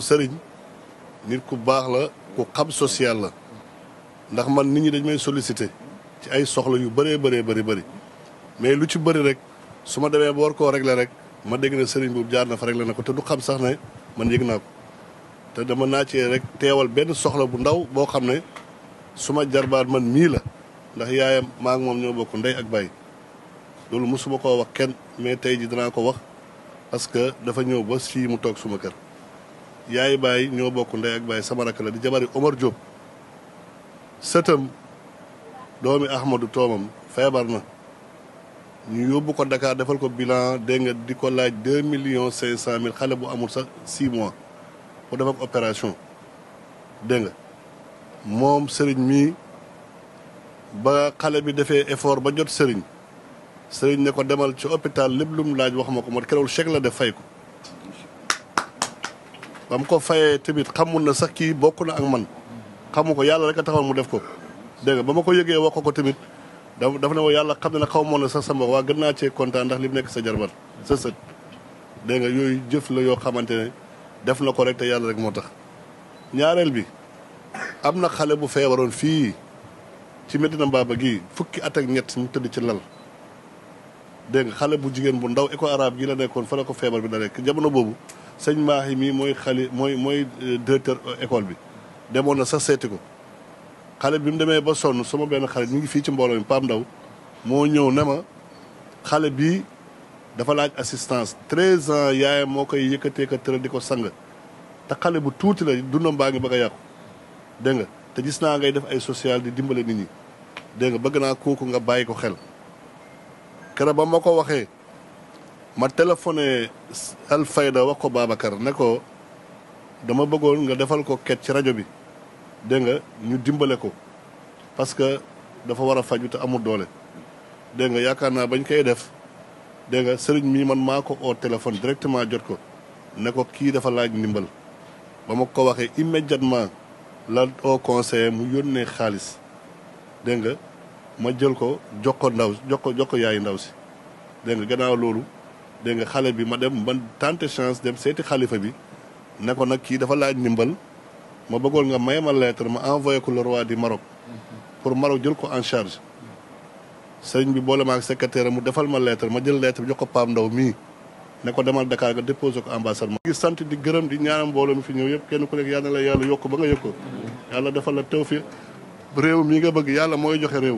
sëriñ nit ku baax la ku xam social la ndax man nit ñi dañ may sollicité ci ay soxla yu bëree bëree bëri bëri mais lu ci bëri rek su ma demee ba war koo régler rek ma dégg na sëriñ bu jaar na fa régler na ko te du xam sax ne man yëg naa ko te dama naa cee rek teewal benn soxla bu ndaw boo xam ne su ma jarbaat man mii la ndax yaayam maa moom ñoo bokk ndey ak baay loolu mosuma koo wax kenn mais tey ji danaa ko wax parce que dafa ñëw ba sii mu toog suma kër yaay baay ñoo bokk ndey ak baay sama rakk di jabari Omar Diop sëtam doomi Ahmadou Toomam feebar na ñu yóbbu ko Dakar defal ko bilan dégg di ko laaj deux million cinq cent mille xale bu amul sa six mois bu def ak opération dégg nga moom sëriñ mi ba xale bi defee effort ba jot sëriñ sëriñ ne ko demal ci hôpital lépp lu mu laaj wax ma ko man keroog chèque def fay ko ba mu ko fayee tamit xamul na sax kii bokk na ak man xamu ko yàlla rek a taxoon mu def ko dégg nga ba ma ko yegee wax ko ko tamit dafa ne ma yàlla xam ne na xaw moon na sax sama waa gën naa cee kontaan ndax li mu nekk sa jarbar sa sët dégg nga yooyu jëf la yoo xamante ne def na ko rek te yàlla rek moo tax ñaareel bi am na xale bu feebaroon fii ci Medina mbaaba gii fukki at ñett ñu tëdd ci lal dégg nga xale bu jigéen bu ndaw éco arabe gi la nekkoon fa ko feebar bi dalee jamono boobu sëñ yi mii mooy xali mooy mooy euh, directeur euh, école bi demoon na sax seeti ko xale bi mu demee ba sonn sama benn xale mi ngi fii ci mbooloo mi Pape Ndaw moo ñëw ne ma xale bii dafa laaj assistance treize ans yaayam moo koy yëkkatee ko tëral di ko sang te xale bu tuuti la dundam baa ngi bëgg a yàqu dégg nga te gis naa ngay def ay sociale di dimbale nit nii dégg nga bëgg naa kooku nga bàyyi ko xel keroog ba ma ko waxee. ma téléphoné Alfayda wax ko Babacar ne ko dama bëggoon nga defal ko ket ci rajo bi dégg nga ñu dimbale ko parce que dafa war a faju te amul doole dégg nga yaakaar naa bañ koy def dégg nga sëriñ mii man maa ko oo téléphone directement jot ko ne ko kii dafa laaj ndimbal ba ma ko waxee immédiatement la oo conseiller mu yónnee xaalis dégg nga ma jël ko jox ko ndaw jox ko jox ko yaayu ndaw si dégg nga gannaaw loolu dégg nga xale bi ma dem man tante chance dem seeti xalifa bi ne ko nag kii dafa laaj ndimbal ma bëggoon nga may ma lettre ma envoyé ko le di du Maroc pour Maroc jël ko en charge sëriñ bi boole ma ak secrétaire mu defal ma lettre ma jël lettre bi jox ko paam Ndaw mii nekko ko demal Dakar nga déposé ko ambassade ma ngi sant di gërëm di ñaanal mbooloo mi fi ñëw yëpp kenn ku nekk yàlla na la yàlla yokk ba nga yëg ko yàlla defal la fi réew mii nga bëgg yàlla mooy joxe réew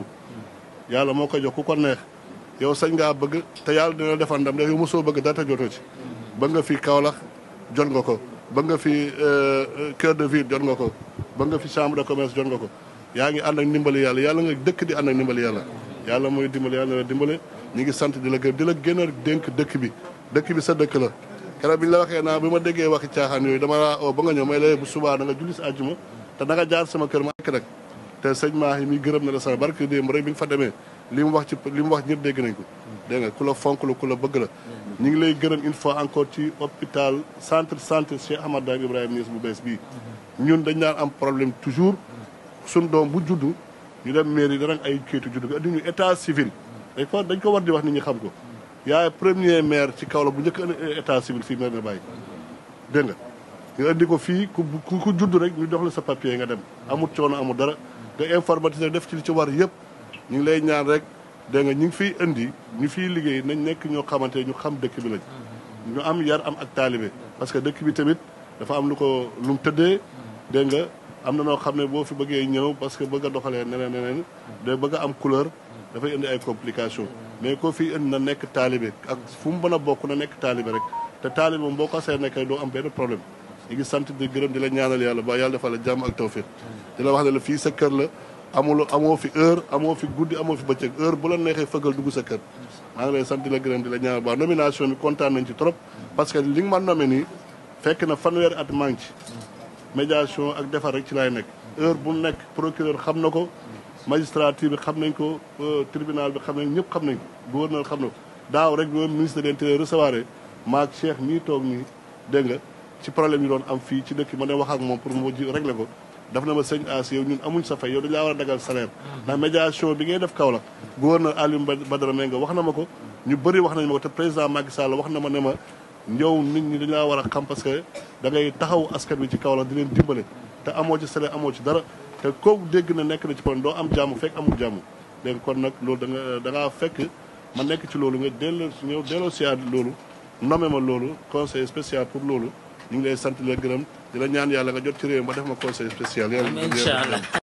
yàlla moo koy jox ku ko yow sañ ngaa bëgg te yàlla dina defal ndam yow mosoo bëgg dara joto jotoo ci ba nga fi Kaolack jot nga ko ba nga fi euh, euh, cœur de ville jot nga ko ba nga fi chambre de commerce jot nga ko yaa ngi ànd ak ndimbali yàlla yàlla nga dëkk di ànd ak ndimbali yàlla yàlla mooy dimbali yàlla la dimbali ñu ngi sant di la gërëm di la gën a dénk dëkk bi dëkk bi sa dëkk la keroog bi ñu la waxee naa bi ma déggee waxi caaxaan yooyu dama oo ba nga ñëw may la bu subaa nga julli si àjjuma te da jaar sama kër ma ak nag te sëñ maax yi mi gërëm na la sama barke démb rek bi nga fa demee li mu wax ci li mu wax ñëpp dégg nañ ko. dégg nga ku la fonk la ku la bëgg la. ngi lay gërëm une fois encore ci hôpital centre santé Cheikh Ahmad Daam Ibrahima Niass bu bees bii. ñun dañ daan am problème toujours suñ doom bu juddu ñu dem mairie danañ ay kayitu juddu bi andi ñu état civil. dañ ko war di wax nit ñi xam ko. yaay premier maire ci Kaolack bu njëkk a état civil fii maire bàyyi dégg nga. nga indi ko fii ku ku judd rek ñu jox la sa papier nga dem amut coono amut dara nga informatiser def ci li ci war yëpp. ñu ngi lay ñaan rek dégg nga ñu ngi fiy indi ñu fiy liggéey nañ nekk ñoo xamante ñu xam dëkk bi lañ ñu am yar am ak taalibe parce que dëkk bi tamit dafa am lu ko lu tëddee dégg nga am na noo xam ne boo fi bëggee ñëw parce que bëgg a doxalee neneen neneen da bëgg a am couleur dafay indi ay complication mais koo fii indi na nekk taalibe ak fu mu mën a bokk na nekk taalibe rek te taalibe moom boo ko see nekkee doo am benn problème ñu ngi sant di gërëm di la ñaanal yàlla ba yàlla defal la jàmm ak tawfiq di la wax ne sa kër la amul amoo fi heure amoo fi guddi amoo fi bëccëg heure bu la neexee fëggal dugg sa kër maa ngi lay sant di la gërëm di la ñaanal baax nomination bi kontaan nañ ci trop parce que li nga ma nommé nii fekk na fanweeri at maa ci médiation ak defar rek ci laay nekk heure bu nekk procureur xam na ko magistrature bi xam nañ ko euh, tribunal bi xam nañ ñëpp xam nañ ko gouverneur xam na ko daaw rek yoon ministre de l'intérieur recevoir maak Cheikh mii toog nii dégg nga ci problème yi doon am fii ci dëkk ma ne wax ak moom pour mu ji régler ko daf na ma señ As yow ñun amuñ sa fay yow dañu laa war a dagal salaire ndax médiation bi ngay def Kaolack gouverneur Aliou Badara Menga wax na ma ko ñu bëri wax nañ ma ko te président Macky Sall wax na ma ne ma ñëw nit ñi dañu laa war a xam parce que da ngay taxaw askan wi ci Kaolack di leen dimbale te amoo ci salaire amoo ci dara te kooku dégg na nekk na ci problème doo am jàmm fekk amul jàmm dégg kon nag loolu da nga fekk ma nekk ci loolu nga delloo ñëw delloo siyaat loolu nommé ma loolu conseil spécial pour loolu ñu ngi lay sant la gërëm di la ñaan yàlla nga jot ci réew mi ba def ma conseil spécial. yàlla